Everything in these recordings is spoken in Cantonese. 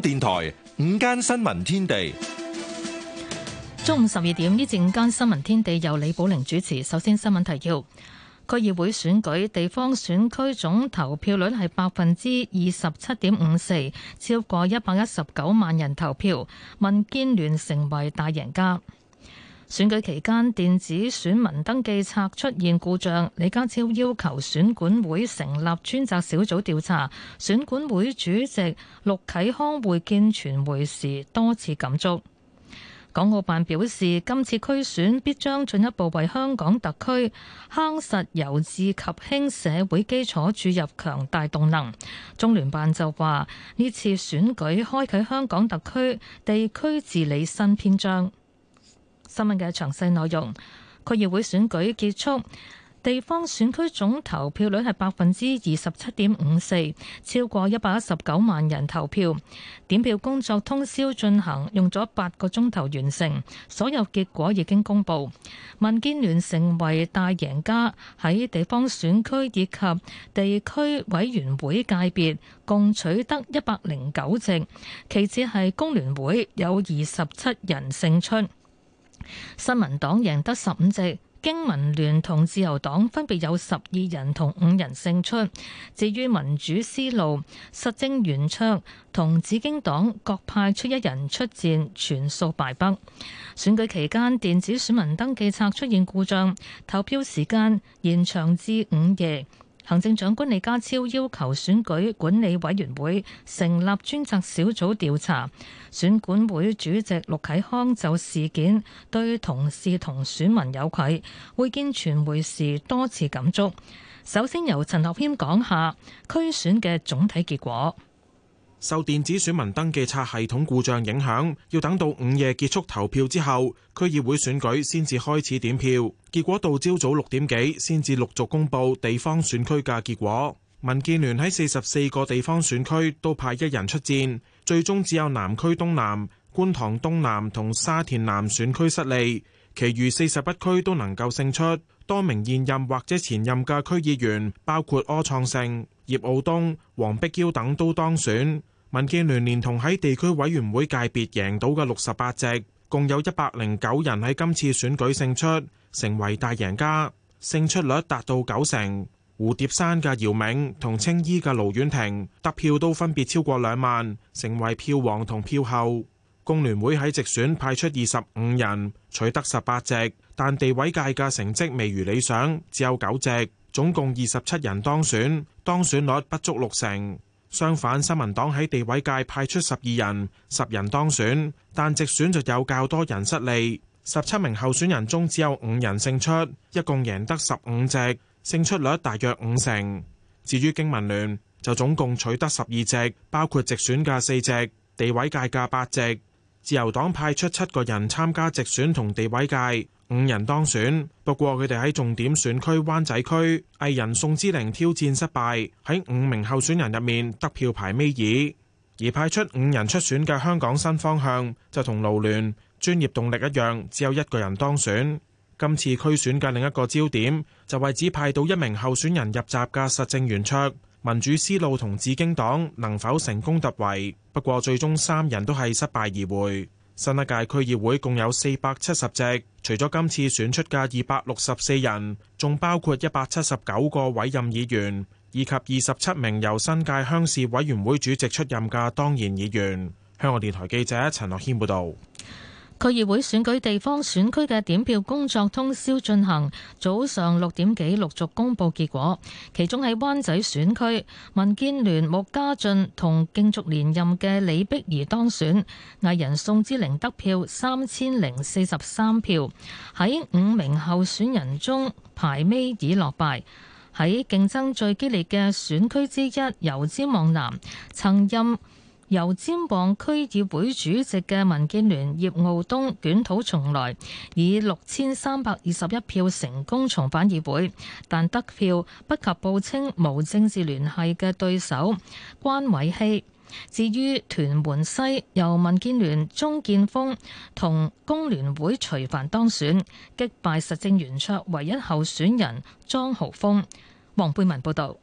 電台午間新聞天地，中午十二點呢陣間新聞天地由李寶玲主持。首先新聞提要：區議會選舉地方選區總投票率係百分之二十七點五四，超過一百一十九萬人投票，民建聯成為大贏家。選舉期間，電子選民登記冊出現故障，李家超要求選管會成立專責小組調查。選管會主席陸啟康會見傳媒時多次感觸。港澳辦表示，今次區選必將進一步為香港特區夯實由治及興社會基礎注入強大動能。中聯辦就話，呢次選舉開啟香港特區地區治理新篇章。新聞嘅詳細內容，區議會選舉結束，地方選區總投票率係百分之二十七點五四，超過一百一十九萬人投票。點票工作通宵進行，用咗八個鐘頭完成，所有結果已經公佈。民建聯成為大贏家，喺地方選區以及地區委員會界別，共取得一百零九席，其次係工聯會有二十七人勝出。新民黨贏得十五席，經民聯同自由黨分別有十二人同五人勝出。至於民主思路、實政圓桌同紫荊黨，各派出一人出戰，全數敗北。選舉期間，電子選民登記冊出現故障，投票時間延長至午夜。行政長官李家超要求選舉管理委員會成立專責小組調查。選管會主席陸啟康就事件對同事同選民有愧，會見傳媒時多次感觸。首先由陳學謙講下區選嘅總體結果。受電子選民登記冊系統故障影響，要等到午夜結束投票之後，區議會選舉先至開始點票。結果到朝早六點幾先至陸續公佈地方選區嘅結果。民建聯喺四十四個地方選區都派一人出戰，最終只有南區東南、觀塘東南同沙田南選區失利，其餘四十一區都能夠勝出。多名現任或者前任嘅區議員，包括柯創盛、葉傲冬、黃碧嬌等，都當選。民建聯連同喺地區委員會界別贏到嘅六十八席，共有一百零九人喺今次選舉勝出，成為大贏家，勝出率達到九成。蝴蝶山嘅姚銘同青衣嘅盧婉婷得票都分別超過兩萬，成為票王同票后。工聯會喺直選派出二十五人，取得十八席，但地位界嘅成績未如理想，只有九席，總共二十七人當選，當選率不足六成。相反，新民黨喺地委界派出十二人，十人當選，但直選就有較多人失利。十七名候選人中只有五人勝出，一共贏得十五席，勝出率大約五成。至於經民聯，就總共取得十二席，包括直選嘅四席、地委界嘅八席。自由黨派出七個人參加直選同地委界。五人當選，不過佢哋喺重點選區灣仔區，藝人宋之齡挑戰失敗，喺五名候選人入面得票排尾二。而派出五人出選嘅香港新方向就同勞聯專業動力一樣，只有一個人當選。今次區選嘅另一個焦點就係指派到一名候選人入閘嘅實政圓桌、民主思路同紫荊黨能否成功突圍？不過最終三人都係失敗而回。新一屆區議會共有四百七十席，除咗今次選出嘅二百六十四人，仲包括一百七十九個委任議員，以及二十七名由新界鄉事委員會主席出任嘅當然議員。香港電台記者陳樂謙報道。區議會選舉地方選區嘅點票工作通宵進行，早上六點幾陸續公佈結果。其中喺灣仔選區，民建聯穆家俊同競逐連任嘅李碧儀當選，藝人宋之齡得票三千零四十三票，喺五名候選人中排尾已落敗。喺競爭最激烈嘅選區之一油尖旺南，曾任油尖旺區議會主席嘅民建聯葉傲東捲土重來，以六千三百二十一票成功重返議會，但得票不及報稱無政治聯繫嘅對手關偉希。至於屯門西，由民建聯鍾建峰同工聯會徐凡當選，擊敗實政圓桌唯一候選人莊豪峰。黃貝文報導。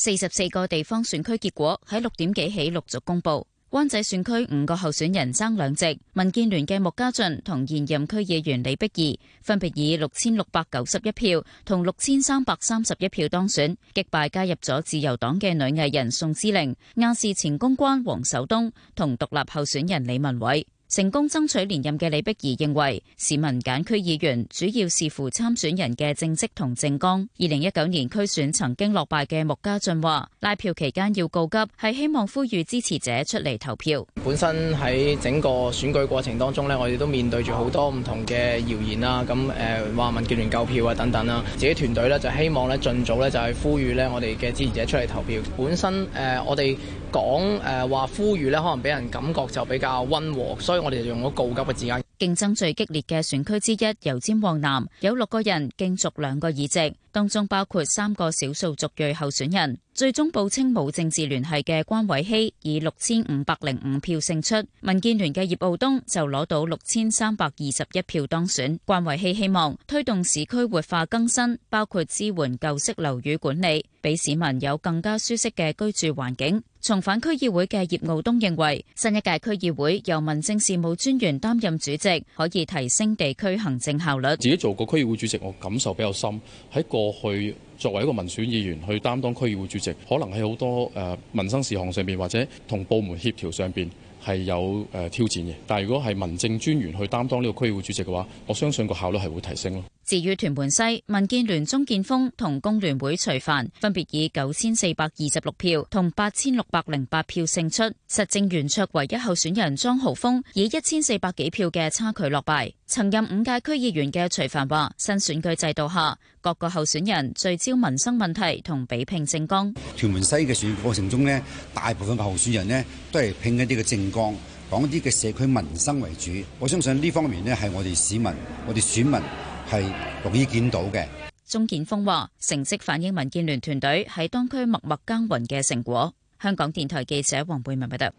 四十四個地方選區結果喺六點幾起陸續公布，灣仔選區五個候選人爭兩席，民建聯嘅穆家俊同現任區議員李碧儀分別以六千六百九十一票同六千三百三十一票當選，擊敗加入咗自由黨嘅女藝人宋之玲、亞視前公關黃守東同獨立候選人李文偉。成功爭取連任嘅李碧儀認為，市民揀區議員主要視乎參選人嘅政績同政綱。二零一九年區選曾經落敗嘅穆家俊話：拉票期間要告急，係希望呼籲支持者出嚟投票。本身喺整個選舉過程當中呢，我哋都面對住好多唔同嘅謠言啦。咁誒話民建聯夠票啊等等啦，自己團隊呢，就希望呢盡早呢，就係呼籲呢我哋嘅支持者出嚟投票。本身誒我哋。講誒話呼籲咧，可能俾人感覺就比較溫和，所以我哋就用咗告急嘅字眼。競爭最激烈嘅選區之一油尖旺南有六個人競逐兩個議席，當中包括三個少數族裔候選人。最終報稱冇政治聯繫嘅關偉希以六千五百零五票勝出，民建聯嘅葉傲東就攞到六千三百二十一票當選。關偉希希望推動市區活化更新，包括支援舊式樓宇管理，俾市民有更加舒適嘅居住環境。重返區議會嘅葉傲東認為，新一屆區議會由民政事務專員擔任主席，可以提升地區行政效率。自己做過區議會主席，我感受比較深。喺過去作為一個民選議員去擔當區議會主席，可能喺好多誒民生事項上邊或者同部門協調上邊係有誒挑戰嘅。但係如果係民政專員去擔當呢個區議會主席嘅話，我相信個效率係會提升咯。至於屯門西，民建聯鍾建峰同工聯會徐帆分別以九千四百二十六票同八千六百零八票勝出。實政圓桌唯一候選人莊豪峰以一千四百幾票嘅差距落敗。曾任五屆區議員嘅徐帆話：新選舉制度下，各個候選人聚焦民生問題，同比拼政綱。屯門西嘅選舉過程中咧，大部分嘅候選人咧都係拼一啲嘅政綱，講一啲嘅社區民生為主。我相信呢方面咧係我哋市民、我哋選民，係容易見到嘅。鍾建峰話，成績反映民建聯團隊喺當區默默耕耘嘅成果。香港電台記者黃貝文報道。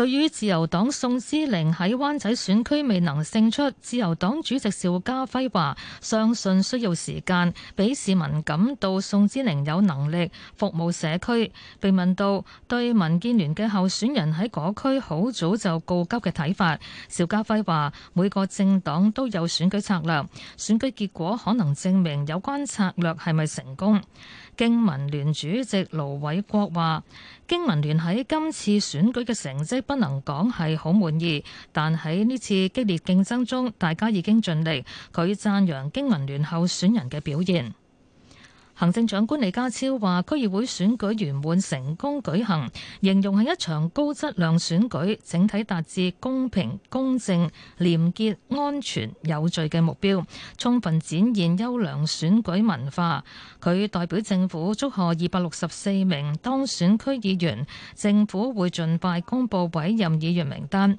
對於自由黨宋之瑩喺灣仔選區未能勝出，自由黨主席邵家輝話：相信需要時間，俾市民感到宋之瑩有能力服務社區。被問到對民建聯嘅候選人喺嗰區好早就告急嘅睇法，邵家輝話：每個政黨都有選舉策略，選舉結果可能證明有關策略係咪成功。經民聯主席盧偉國話：經民聯喺今次選舉嘅成績不能講係好滿意，但喺呢次激烈競爭中，大家已經盡力。佢讚揚經民聯候選人嘅表現。行政長官李家超話：區議會選舉圓滿成功舉行，形容係一場高質量選舉，整體達至公平、公正、廉潔、安全、有序嘅目標，充分展現優良選舉文化。佢代表政府祝賀二百六十四名當選區議員，政府會盡快公佈委任議員名單。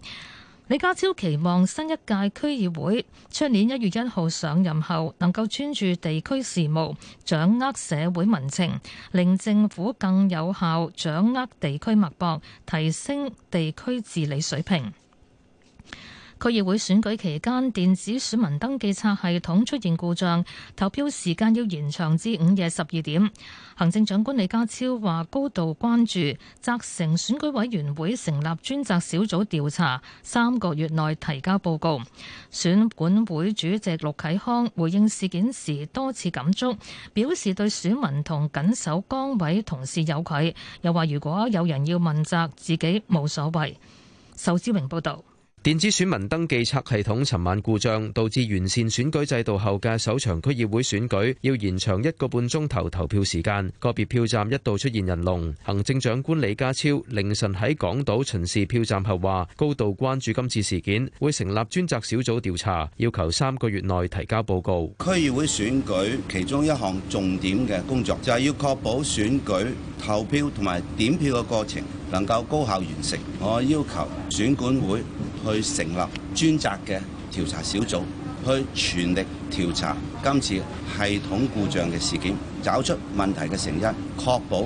李家超期望新一屆區議會出年一月一號上任後能夠專注地區事務，掌握社會民情，令政府更有效掌握地區脈搏，提升地區治理水平。區議會選舉期間，電子選民登記冊系統出現故障，投票時間要延長至午夜十二點。行政長官李家超話高度關注，責成選舉委員會成立專責小組調查，三個月內提交報告。選管會主席陸啟康回應事件時多次感觸，表示對選民同緊守崗位同事有愧，又話如果有人要問責，自己冇所謂。仇志榮報導。電子選民登記冊系統尋晚故障，導致完善選舉制度後嘅首場區議會選舉要延長一個半鐘頭投票時間，個別票站一度出現人龍。行政長官李家超凌晨喺港島巡視票站後話：高度關注今次事件，會成立專責小組調查，要求三個月內提交報告。區議會選舉其中一項重點嘅工作就係、是、要確保選舉投票同埋點票嘅過程能夠高效完成。我要求選管會。去成立專責嘅調查小組，去全力調查今次系統故障嘅事件，找出問題嘅成因，確保。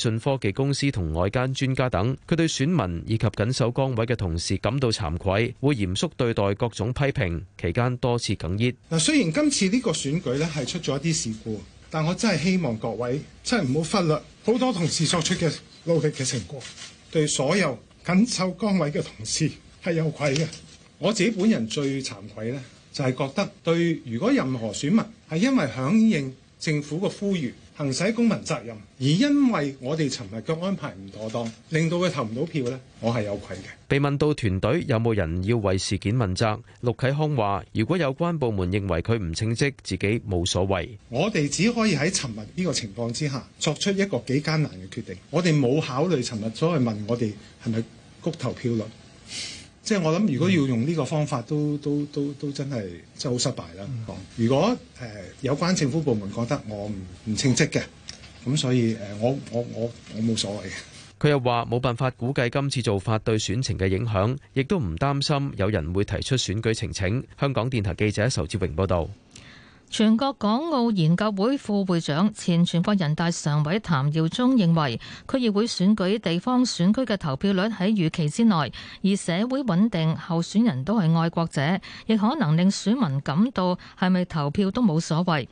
信科技公司同外間專家等，佢對選民以及緊守崗位嘅同事感到慚愧，會嚴肅對待各種批評。期間多次哽咽。嗱，雖然今次呢個選舉咧，係出咗一啲事故，但我真係希望各位真係唔好忽略好多同事作出嘅努力嘅成果。對所有緊守崗位嘅同事係有愧嘅。 我自己本人最慚愧咧，就係覺得對，如果任何選民係因為響應政府嘅呼籲。行使公民責任，而因為我哋尋日嘅安排唔妥當，令到佢投唔到票呢，我係有愧嘅。被問到團隊有冇人要為事件問責，陸啟康話：如果有關部門認為佢唔稱職，自己冇所謂。我哋只可以喺尋日呢個情況之下作出一個幾艱難嘅決定。我哋冇考慮尋日所謂問我哋係咪谷投票率。即係我諗，如果要用呢個方法都，都都都都真係真係好失敗啦。如果誒、呃、有關政府部門覺得我唔唔稱職嘅，咁所以誒、呃、我我我我冇所謂。佢又話冇辦法估計今次做法對選情嘅影響，亦都唔擔心有人會提出選舉呈請。香港電台記者仇志榮報導。全國港澳研究會副會長、前全國人大常委譚耀宗認為，區議會選舉、地方選區嘅投票率喺預期之內，而社會穩定，候選人都係愛國者，亦可能令選民感到係咪投票都冇所謂。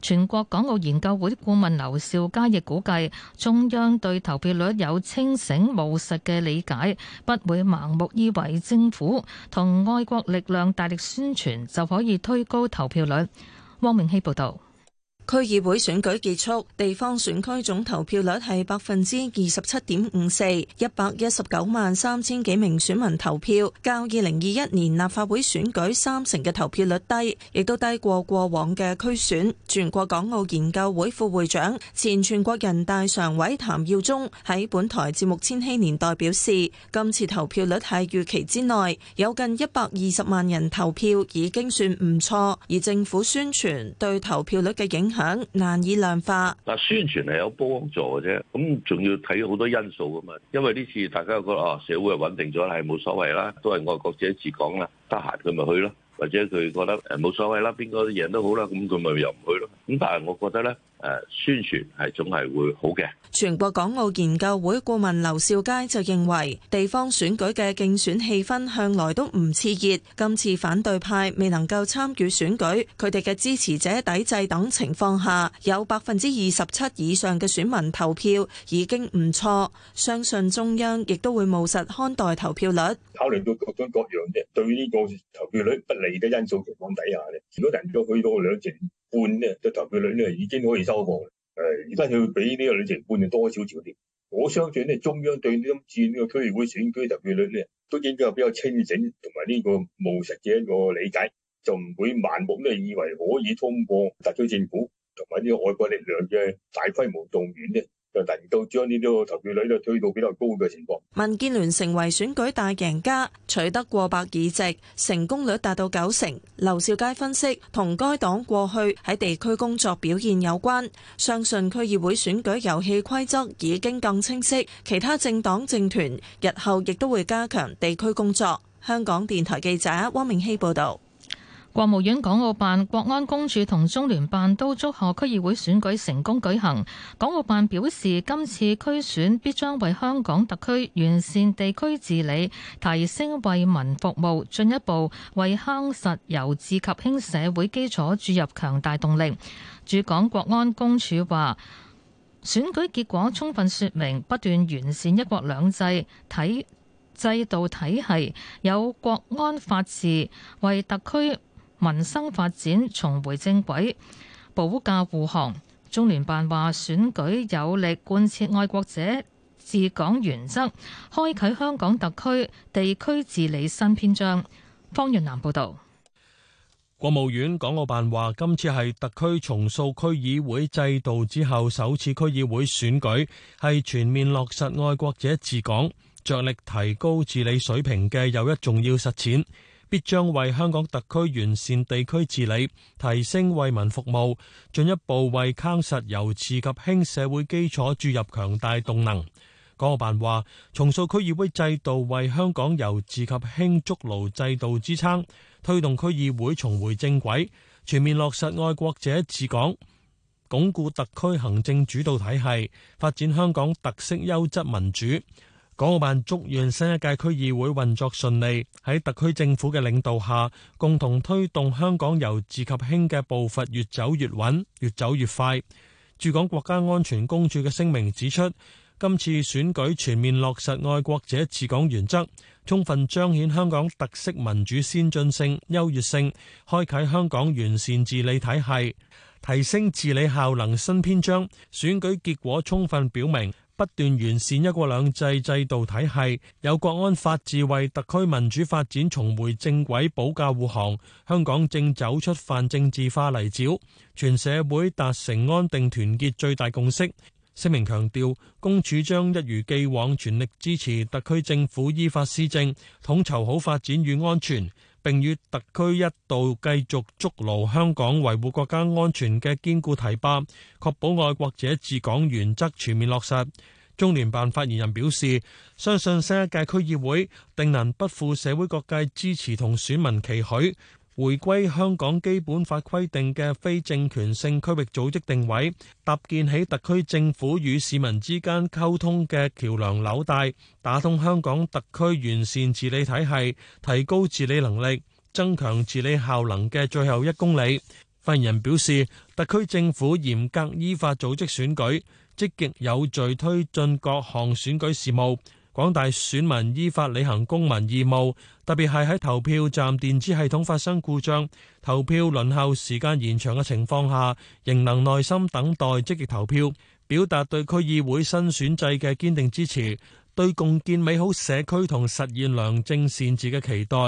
全國港澳研究會顧問劉兆佳亦估計，中央對投票率有清醒務實嘅理解，不會盲目以為政府同愛國力量大力宣傳就可以推高投票率。汪明希報道。區議會選舉結束，地方選區總投票率係百分之二十七點五四，一百一十九萬三千幾名選民投票，較二零二一年立法會選舉三成嘅投票率低，亦都低過過往嘅區選。全國港澳研究會副會長、前全國人大常委譚耀宗喺本台節目《千禧年代》表示，今次投票率係預期之內，有近一百二十萬人投票已經算唔錯，而政府宣傳對投票率嘅影響。響難以量化。嗱，宣傳係有幫助嘅啫，咁仲要睇好多因素噶嘛。因為呢次大家覺得啊，社會係穩定咗，係冇所謂啦，都係外國者自講啦，得閒佢咪去咯。或者佢覺得誒冇、呃、所謂啦，邊個贏都好啦，咁佢咪又唔去咯。咁但係我覺得咧，誒、呃、宣傳係總係會好嘅。全國港澳研究會顧問劉兆佳就認為地方選舉嘅競選氣氛向來都唔熾熱，今次反對派未能夠參與選舉，佢哋嘅支持者抵制等情況下，有百分之二十七以上嘅選民投票已經唔錯，相信中央亦都會務實看待投票率。考慮到各種各樣嘅，對呢個投票率利嘅因素情況底下咧，如果人咗去到兩成半咧，嘅投票率咧已經可以收貨。誒，而家佢會俾呢個兩成半嘅多少少啲，我相信咧中央對呢種戰呢個區議會選舉投票率咧，都應該係比較清醒同埋呢個務實嘅一個理解，就唔會盲目咧以為可以通過特區政府同埋呢個外國力量嘅大規模動員咧。就能夠將呢個投票率呢推到比較高嘅情況，民建聯成為選舉大贏家，取得過百議席，成功率達到九成。劉少佳分析同該黨過去喺地區工作表現有關，相信區議會選舉遊戲規則已經更清晰，其他政黨政團日後亦都會加強地區工作。香港電台記者汪明熙報道。國務院港澳辦、國安公署同中聯辦都祝賀區議會選舉成功舉行。港澳辦表示，今次區選必將為香港特區完善地區治理、提升為民服務、進一步為夯實由治及興社會基礎注入強大動力。駐港國安公署話，選舉結果充分說明不斷完善一國兩制體制度體系，有國安法治為特區民生發展重回正軌，保駕護航。中聯辦話：選舉有力貫徹愛國者治港原則，開啟香港特區地區治理新篇章。方潤南報導。國務院港澳辦話：今次係特區重塑區議會制度之後首次區議會選舉，係全面落實愛國者治港，着力提高治理水平嘅又一重要實踐。必將為香港特區完善地區治理、提升為民服務、進一步為夯實由治及興社會基礎注入強大動能。港澳辦話，重塑區議會制度為香港由治及興築牢制度支撐，推動區議會重回正軌，全面落實愛國者治港，鞏固特區行政主導體系，發展香港特色優質民主。港澳辦祝願新一屆區議會運作順利，喺特區政府嘅領導下，共同推動香港由治及興嘅步伐越走越穩、越走越快。駐港國家安全公署嘅聲明指出，今次選舉全面落實愛國者治港原則，充分彰顯香港特色民主先進性、優越性，開啟香港完善治理體系、提升治理效能新篇章。選舉結果充分表明，不斷完善一國兩制制度體系，有國安法治為特區民主發展重回正軌保駕護航，香港正走出泛政治化泥沼，全社會達成安定團結最大共識。聲明強調，公署將一如既往全力支持特區政府依法施政，統籌好發展與安全。並與特區一道繼續築牢香港維護國家安全嘅堅固堤壩，確保愛國者治港原則全面落實。中聯辦發言人表示，相信新一屆區議會定能不負社會各界支持同選民期許。回歸香港基本法規定嘅非政權性區域組織定位，搭建起特區政府與市民之間溝通嘅橋梁紐帶，打通香港特區完善治理體系、提高治理能力、增強治理效能嘅最後一公里。發言人表示，特區政府嚴格依法組織選舉，積極有序推進各項選舉事務。廣大選民依法履行公民義務，特別係喺投票站電子系統發生故障、投票輪候時間延長嘅情況下，仍能耐心等待，積極投票，表達對區議會新選制嘅堅定支持，對共建美好社區同實現良政善治嘅期待。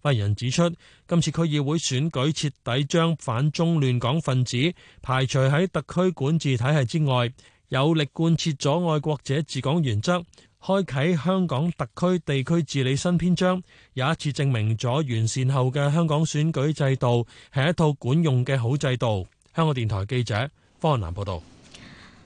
發言人指出，今次區議會選舉徹底將反中亂港分子排除喺特區管治體系之外，有力貫徹咗愛國者治港原則開啟香港特區地區治理新篇章，有一次證明咗完善後嘅香港選舉制度係一套管用嘅好制度。香港電台記者方翰南報道。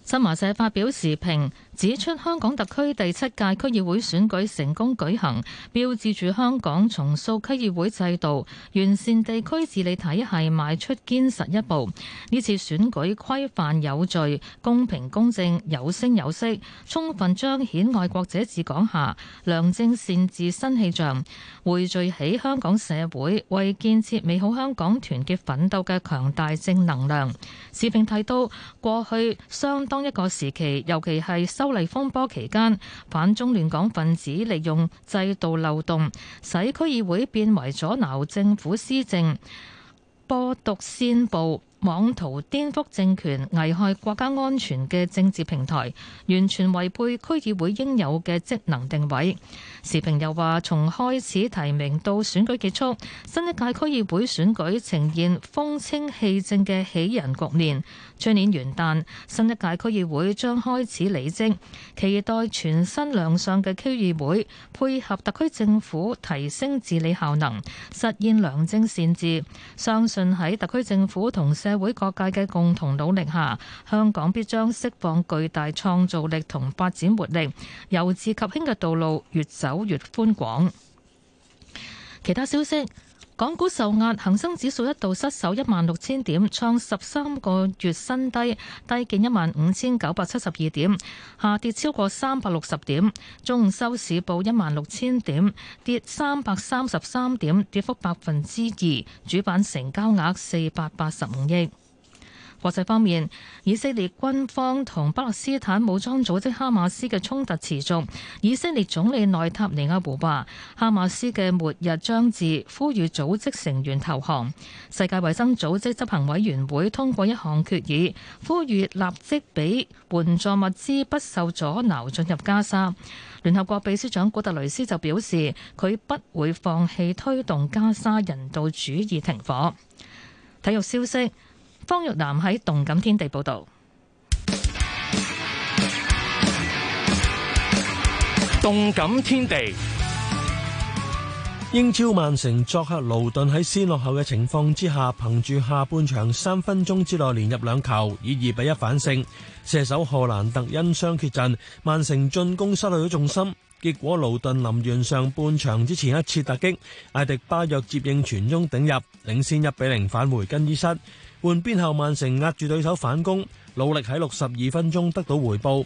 新華社發表時評指出，香港特區第七屆區議會選舉成功舉行，標誌住香港重塑區議會制度、完善地區治理體系邁出堅實一步。呢次選舉規範有序、公平公正、有聲有色，充分彰顯愛國者治港下良政善治新氣象，匯聚起香港社會為建設美好香港團結奮鬥嘅強大正能量。時評提到，過去雙當一個時期，尤其係修例風波期間，反中亂港分子利用制度漏洞，使區議會變為阻撓政府施政、播獨煽暴，妄圖顛覆政權、危害國家安全嘅政治平台，完全違背區議會應有嘅職能定位。時評又話：從開始提名到選舉結束，新一屆區議會選舉呈現風清氣正嘅喜人局面。明年元旦，新一屆區議會將開始履職，期待全新亮相嘅區議會配合特區政府提升治理效能，實現良政善治。相信喺特區政府同社會各界嘅共同努力下，香港必將釋放巨大創造力同發展活力，由治及興嘅道路越走越寬廣。其他消息。港股受壓，恒生指數一度失守一萬六千點，創十三個月新低，低見一萬五千九百七十二點，下跌超過三百六十點。中午收市報一萬六千點，跌三百三十三點，跌幅百分之二。主板成交額四百八十五億。國際方面，以色列軍方同巴勒斯坦武裝組織哈馬斯嘅衝突持續。以色列總理內塔尼亞胡話，哈馬斯嘅末日將至，呼籲組織成員投降。世界衛生組織執行委員會通過一項決議，呼籲立即俾援助物資不受阻撓進入加沙。聯合國秘書長古特雷斯就表示，佢不會放棄推動加沙人道主義停火。體育消息。方玉南喺動感天地報道。動感天地，天地 英超曼城作客盧頓喺先落後嘅情況之下，憑住下半場三分鐘之內連入兩球，以二比一反勝。射手荷蘭特因傷缺陣，曼城進攻失去咗重心。結果盧頓臨完上半場之前一次突擊，艾迪巴約接應全中頂入，領先一比零返回更衣室。換邊後，曼城壓住對手反攻，努力喺六十二分鐘得到回報。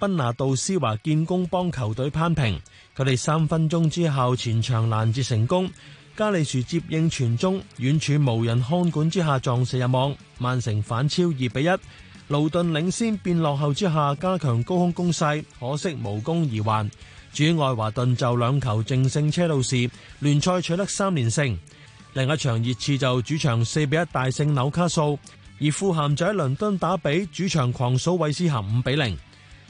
賓拿度施華建功幫球隊攀平，佢哋三分鐘之後前場攔截成功。加利樹接應傳中，遠處無人看管之下撞射入網，曼城反超二比一。盧頓領先變落後之下，加強高空攻勢，可惜無功而還。主愛華頓就兩球淨勝車路士，聯賽取得三連勝。另一場熱刺就主場四比一大勝紐卡素，而富咸就喺倫敦打比主場狂掃韋斯咸五比零。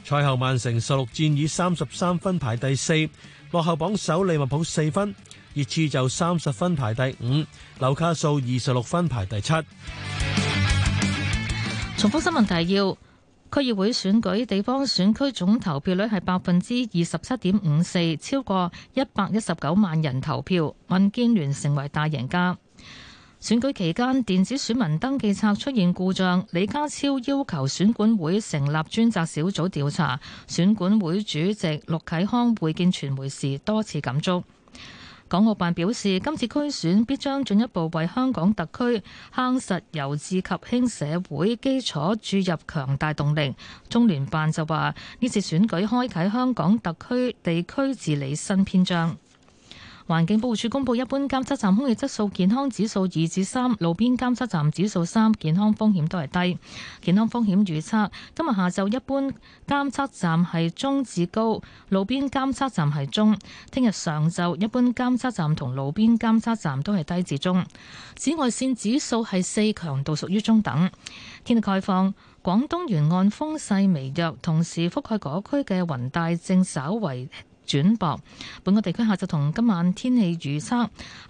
賽後曼城十六戰以三十三分排第四，落後榜首利物浦四分；熱刺就三十分排第五，紐卡素二十六分排第七。重複新聞提要。區議會選舉地方選區總投票率係百分之二十七點五四，超過一百一十九萬人投票，民建聯成為大贏家。選舉期間，電子選民登記冊出現故障，李家超要求選管會成立專責小組調查。選管會主席陸啟康會見傳媒時多次感觸。港澳辦表示，今次區選必將進一步為香港特區夯實由治及興社會基礎，注入強大動力。中聯辦就話：呢次選舉開啟香港特區地區治理新篇章。環境保護署公布，一般監測站空氣質素健康指數二至三，路邊監測站指數三，健康風險都係低。健康風險預測今日下晝，一般監測站係中至高，路邊監測站係中。聽日上晝一般監測站同路邊監測站都係低至中。紫外線指數係四，強度屬於中等。天氣概況，廣東沿岸風勢微弱，同時覆蓋各區嘅雲帶正稍為。轉薄。本港地區下晝同今晚天氣預測：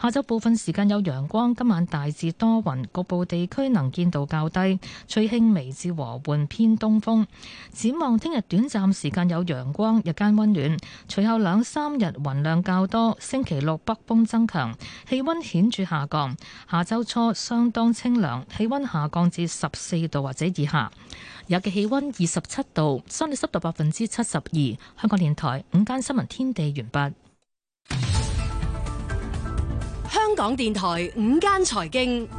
下晝部分時間有陽光，今晚大致多雲，局部地區能見度較低，吹輕微至和緩偏東風。展望聽日短暫時間有陽光，日間温暖，隨後兩三日雲量較多。星期六北風增強，氣温顯著下降。下周初相當清涼，氣温下降至十四度或者以下。有嘅氣温二十七度，相對濕度百分之七十二。香港電台午間新聞天地完畢。香港電台午間財經。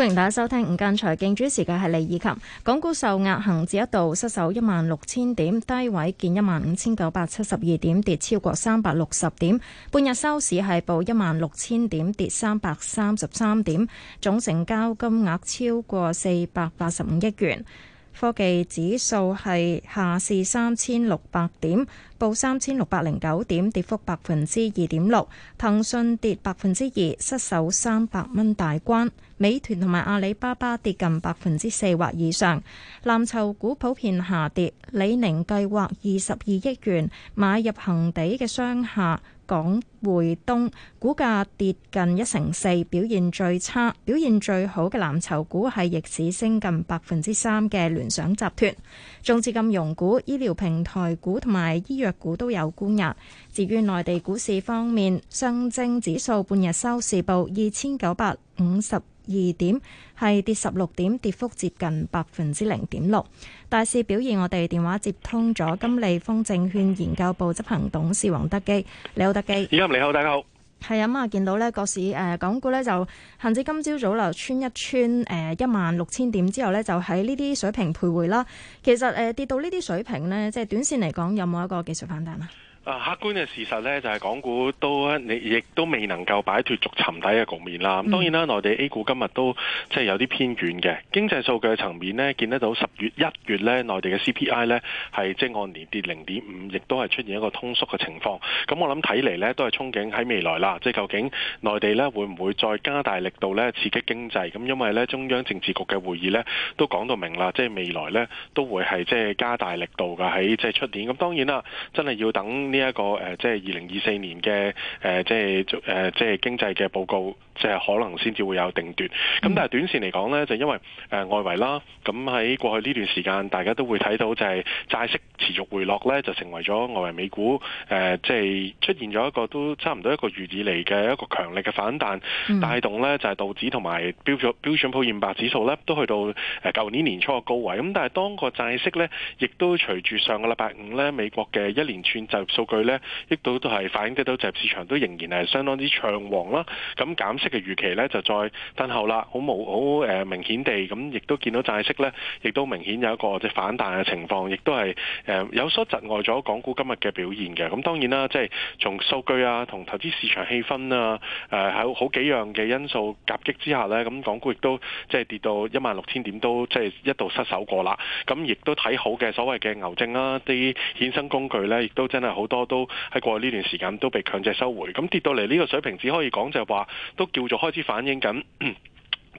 歡迎大家收聽午間財經，主持嘅係李以琴。港股受壓行至一度失守一萬六千點，低位見一萬五千九百七十二點，跌超過三百六十點。半日收市係報一萬六千點，跌三百三十三點，總成交金額超過四百八十五億元。科技指數係下市三千六百點，報三千六百零九點，跌幅百分之二點六。騰訊跌百分之二，失守三百蚊大關。美團同埋阿里巴巴跌近百分之四或以上。藍籌股普遍下跌。李寧計劃二十二億元買入恒地嘅商廈。港匯東股價跌近一成四，表現最差。表現最好嘅藍籌股係逆市升近百分之三嘅聯想集團。中資金融股、醫療平台股同埋醫藥股都有沽壓。至於內地股市方面，上證指數半日收市報二千九百五十。二點係跌十六點，跌幅接近百分之零點六。大市表現，我哋電話接通咗金利豐證券研究部執行董事黃德基，你好，德基。而家你好，大家好。係啊，咁啊，見到呢各市誒、呃、港股呢，就行至今朝早流穿一穿誒一萬六千點之後呢，就喺呢啲水平徘徊啦。其實誒、呃、跌到呢啲水平呢，即係短線嚟講有冇一個技術反彈啊？啊，客觀嘅事實呢，就係港股都你亦都未能夠擺脱逐沉底嘅局面啦。咁當然啦，內地 A 股今日都即係有啲偏軟嘅。經濟數據層面呢見得到十月一月呢內地嘅 CPI 呢，係即按年跌零點五，亦都係出現一個通縮嘅情況。咁我諗睇嚟呢，都係憧憬喺未來啦。即係究竟內地呢會唔會再加大力度呢刺激經濟？咁因為呢中央政治局嘅會議呢都講到明啦，即係未來呢都會係即係加大力度噶喺即係出年咁當然啦，真係要等。呢一個、這個誒、呃，即係二零二四年嘅誒、呃，即係誒、呃，即係經濟嘅報告。即係可能先至會有定奪，咁但係短線嚟講咧，就因為誒外圍啦，咁喺過去呢段時間，大家都會睇到就係債息持續回落咧，就成為咗外圍美股誒即係出現咗一個都差唔多一個月以嚟嘅一個強力嘅反彈、嗯、帶動咧就係、是、道指同埋標準標準普爾五百指數咧都去到誒舊年年初嘅高位。咁但係當個債息咧，亦都隨住上個禮拜五咧美國嘅一連串就業數據咧，亦都都係反映得到就業市場都仍然係相當之暢旺啦。咁減息，嘅預期咧就再等候啦，好冇好誒明顯地咁，亦、嗯、都見到債息咧，亦都明顯有一個即反彈嘅情況，亦都係誒、呃、有所窒礙咗港股今日嘅表現嘅。咁、嗯、當然啦，即係從數據啊、同投資市場氣氛啊，誒、呃、係好幾樣嘅因素夾擊之下咧，咁、嗯、港股亦都即係跌到一萬六千點都即係一度失守過啦。咁、嗯、亦都睇好嘅所謂嘅牛證啦、啊，啲衍生工具咧，亦都真係好多都喺過去呢段時間都被強制收回。咁、嗯、跌到嚟呢個水平，只可以講就係話都。叫做開始反映緊。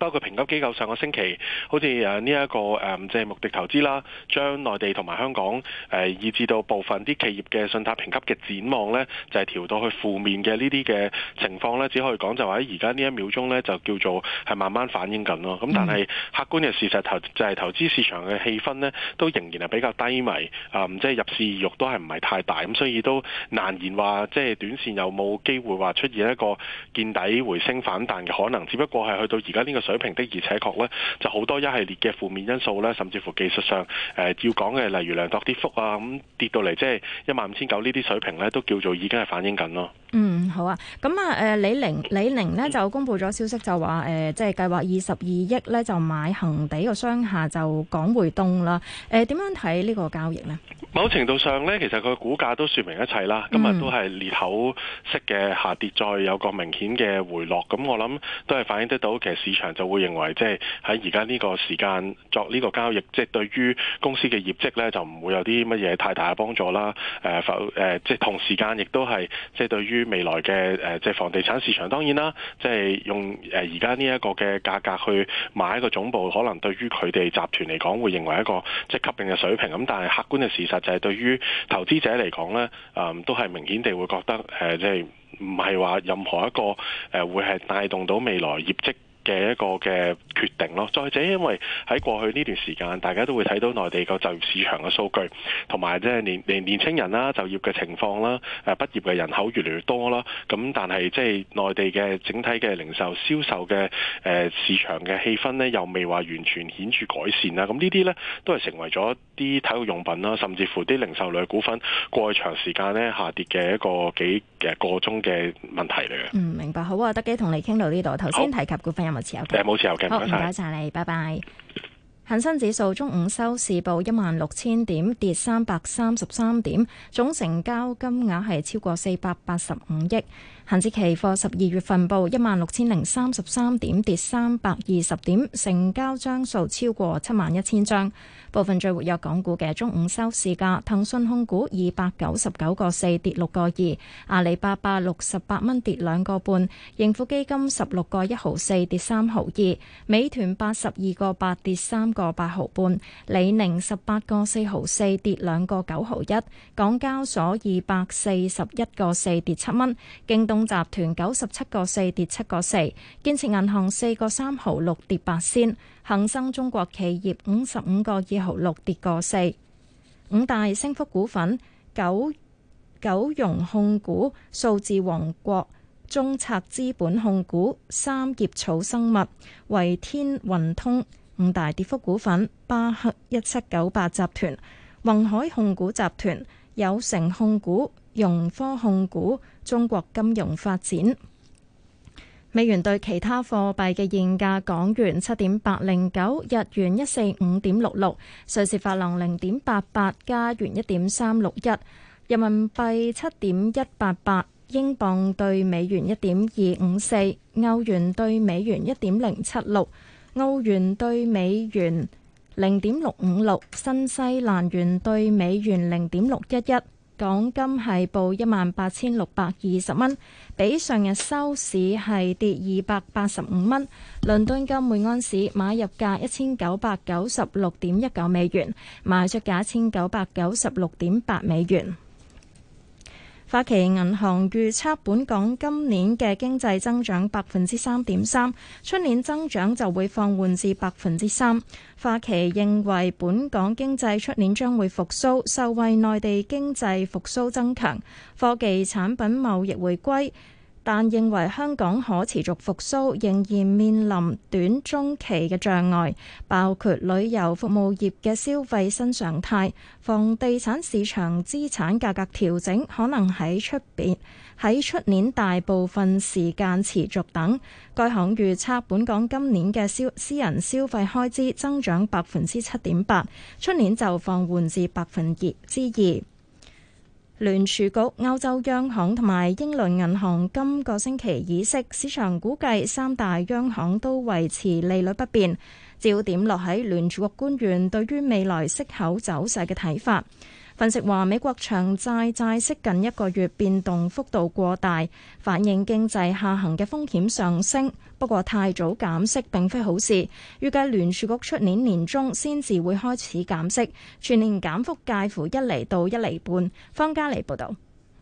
包括評級機構上個星期，好似誒呢一個誒即係目的投資啦，將內地同埋香港誒、嗯、以至到部分啲企業嘅信貸評級嘅展望咧，就係、是、調到去負面嘅呢啲嘅情況咧，只可以講就話而家呢一秒鐘咧，就叫做係慢慢反映緊咯。咁、嗯、但係客觀嘅事實投就係、是、投資市場嘅氣氛咧，都仍然係比較低迷，啊、嗯，即、就、係、是、入市意欲都係唔係太大，咁所以都難言話即係短線有冇機會話出現一個見底回升反彈嘅可能，只不過係去到而家呢個上。水平的，而且確咧就好多一系列嘅負面因素咧，甚至乎技術上誒要、呃、講嘅，例如量度跌幅啊，咁、嗯、跌到嚟即係一萬五千九呢啲水平咧，都叫做已經係反映緊咯。嗯，好啊，咁啊誒，李寧李寧咧就公布咗消息就、呃，就話誒，即係計劃二十二億咧就買恒地個商廈，就港匯東啦。誒，點樣睇呢個交易呢？某程度上咧，其實佢嘅股價都説明一切啦。咁啊、嗯，都係裂口式嘅下跌，再有個明顯嘅回落，咁我諗都係反映得到其實市場。就會認為，即係喺而家呢個時間作呢個交易，即係對於公司嘅業績呢，就唔會有啲乜嘢太大嘅幫助啦。誒，否誒，即係同時間亦都係，即係對於未來嘅誒，即係房地產市場，當然啦，即係用誒而家呢一個嘅價格去買一個總部，可能對於佢哋集團嚟講，會認為一個即係吸引嘅水平。咁但係客觀嘅事實就係，對於投資者嚟講呢，誒都係明顯地會覺得誒，即係唔係話任何一個誒會係帶動到未來業績嘅一個嘅決定咯。再者，因為喺過去呢段時間，大家都會睇到內地個就業市場嘅數據，同埋即係年年年輕人啦、就業嘅情況啦、誒畢業嘅人口越嚟越多啦。咁但係即係內地嘅整體嘅零售銷售嘅誒市場嘅氣氛咧，又未話完全顯著改善啦。咁呢啲咧都係成為咗啲體育用品啦，甚至乎啲零售類股份過去長時間咧下跌嘅一個幾嘅個中嘅問題嚟嘅。嗯，明白。好，啊，德基同你傾到呢度。頭先提及股份冇持有嘅，okay? okay? 好唔該晒你，是 拜拜。恒生指數中午收市報一萬六千點，跌三百三十三點，總成交金額係超過四百八十五億。恒指期貨十二月份報一萬六千零三十三點，跌三百二十點，成交張數超過七萬一千張。部分最活躍港股嘅中午收市價：騰訊控股二百九十九個四跌六個二，阿里巴巴六十八蚊跌兩個半，盈富基金十六個一毫四跌三毫二，美團八十二個八跌三個八毫半，李寧十八個四毫四跌兩個九毫一，港交所二百四十一個四跌七蚊，京東。集團九十七個四跌七個四，建設銀行四個三毫六跌八仙，恒生中國企業五十五個二毫六跌個四。五大升幅股份：九九融控股、數字王國、中策資本控股、三葉草生物、維天運通。五大跌幅股份：巴克一七九八集團、宏海控股集團、友成控股、融科控股。中國金融發展。美元對其他貨幣嘅現價：港元七點八零九，日元一四五點六六，瑞士法郎零點八八，加元一點三六一，人民幣七點一八八，英鎊對美元一點二五四，歐元對美元一點零七六，澳元對美元零點六五六，新西蘭元對美元零點六一一。港金係報一萬八千六百二十蚊，比上日收市係跌二百八十五蚊。倫敦金每盎司買入價一千九百九十六點一九美元，賣出價一千九百九十六點八美元。花旗銀行預測本港今年嘅經濟增長百分之三點三，出年增長就會放緩至百分之三。花旗認為本港經濟出年將會復甦，受惠內地經濟復甦增強、科技產品貿易回歸。但認為香港可持續復甦，仍然面臨短中期嘅障礙，包括旅遊服務業嘅消費新常態、房地產市場資產價格調整可能喺出邊喺出年大部分時間持續等。該行預測本港今年嘅消私人消費開支增長百分之七點八，出年就放緩至百分之二。聯儲局、歐洲央行同埋英倫銀行今個星期議息，市場估計三大央行都維持利率不變。焦點落喺聯儲局官員對於未來息口走勢嘅睇法。分析話，美國長債債息近一個月變動幅度過大，反映經濟下行嘅風險上升。不過，太早減息並非好事。預計聯儲局出年年中先至會開始減息，全年減幅介乎一厘到一厘半。方家莉報導。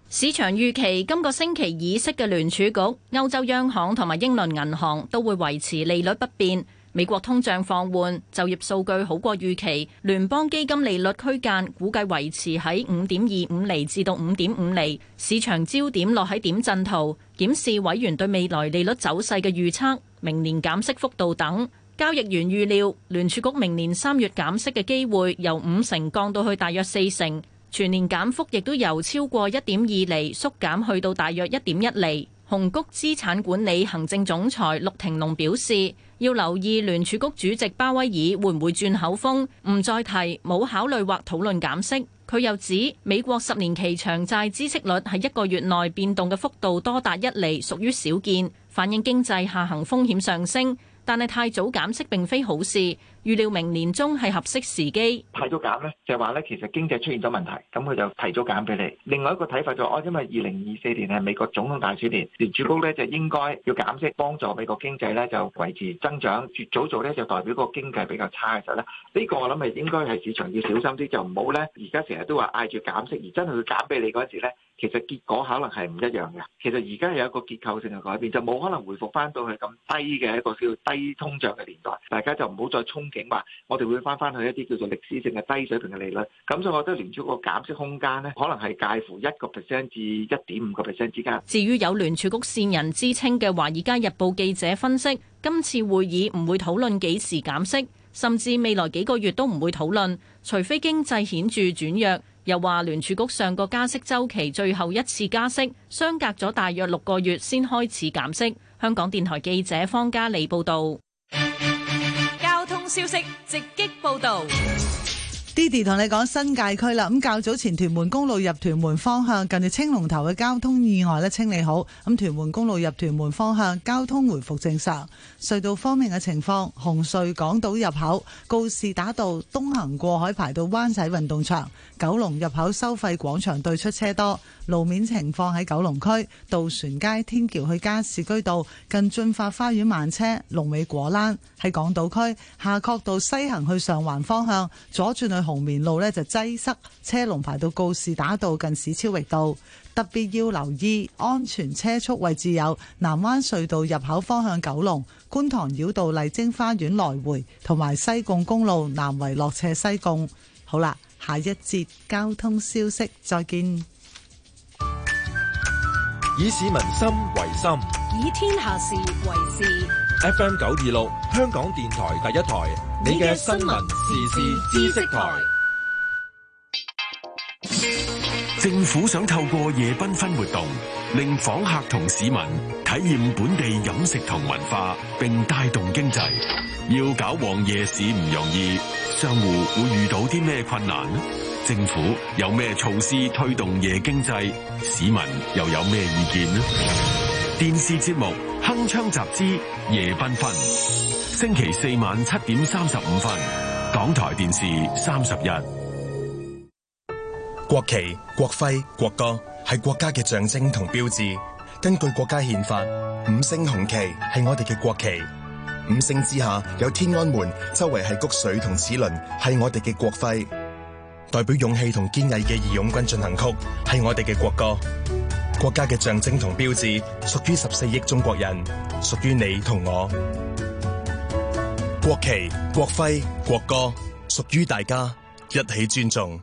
市場預期今個星期議息嘅聯儲局、歐洲央行同埋英倫銀行都會維持利率不變。美國通脹放緩，就業數據好過預期，聯邦基金利率區間估計維持喺五點二五厘至到五點五厘。市場焦點落喺點陣圖，檢視委員對未來利率走勢嘅預測，明年減息幅度等。交易員預料聯儲局明年三月減息嘅機會由五成降到去大約四成，全年減幅亦都由超過一點二厘縮減去到大約一點一厘。紅谷資產管理行政總裁陸庭龍表示。要留意聯儲局主席鮑威爾會唔會轉口風，唔再提冇考慮或討論減息。佢又指美國十年期長債孳息率喺一個月內變動嘅幅度多達一厘，屬於少見，反映經濟下行風險上升。但係太早減息並非好事，預料明年中係合適時機。太早減咧，就係話咧其實經濟出現咗問題，咁佢就提早減俾你。另外一個睇法就係，哦，因為二零二四年係美國總統大選年，聯儲局咧就應該要減息，幫助美國經濟咧就維持增長。越早做咧就代表個經濟比較差嘅時候咧，呢個我諗係應該係市場要小心啲，就唔好咧而家成日都話嗌住減息，而真係會減俾你嗰時咧。其實結果可能係唔一樣嘅。其實而家係有一個結構性嘅改變，就冇可能回復翻到係咁低嘅一個叫低通脹嘅年代。大家就唔好再憧憬話，我哋會翻翻去一啲叫做歷史性嘅低水平嘅利率。咁所以，我覺得聯儲局減息空間呢，可能係介乎一個 percent 至一點五個 percent 之間。至於有聯儲局線人之稱嘅《華爾街日報》記者分析，今次會議唔會討論幾時減息，甚至未來幾個月都唔會討論，除非經濟顯著轉弱。又話聯儲局上個加息週期最後一次加息，相隔咗大約六個月先開始減息。香港電台記者方嘉莉報道。交通消息直擊報導。Didi 同你講新界區啦，咁較早前屯門公路入屯門方向，近住青龍頭嘅交通意外呢清理好，咁屯門公路入屯門方向交通回復正常。隧道方面嘅情況，紅隧港島入口告士打道東行過海排到灣仔運動場，九龍入口收費廣場對出車多。路面情況喺九龍區，渡船街天橋去加士居道近駿發花園慢車，龍尾果欄喺港島區，夏慤道西行去上環方向左轉去。紅棉路呢，就擠塞，車龍排到告士打道近史超域道。特別要留意安全車速位置有南灣隧道入口方向、九龍觀塘繞道麗晶花園來回，同埋西貢公路南圍落斜西貢。好啦，下一節交通消息，再見。以市民心為心，以天下事為事。FM 九二六，香港電台第一台。你嘅新聞時事知識台，政府想透過夜繽紛活動，令訪客同市民體驗本地飲食同文化，並帶動經濟。要搞旺夜市唔容易，商戶會遇到啲咩困難？政府有咩措施推動夜經濟？市民又有咩意見呢？電視節目《鏗鏘集之夜繽紛》。星期四晚七點三十五分，港台電視三十日。國旗、國徽、國歌係國家嘅象徵同標誌。根據國家憲法，五星紅旗係我哋嘅國旗。五星之下有天安門，周圍係穀穗同齒輪，係我哋嘅國徽，代表勇氣同堅毅嘅《義勇軍進行曲》係我哋嘅國歌。國家嘅象徵同標誌屬於十四億中國人，屬於你同我。國旗、國徽、國歌屬於大家，一起尊重。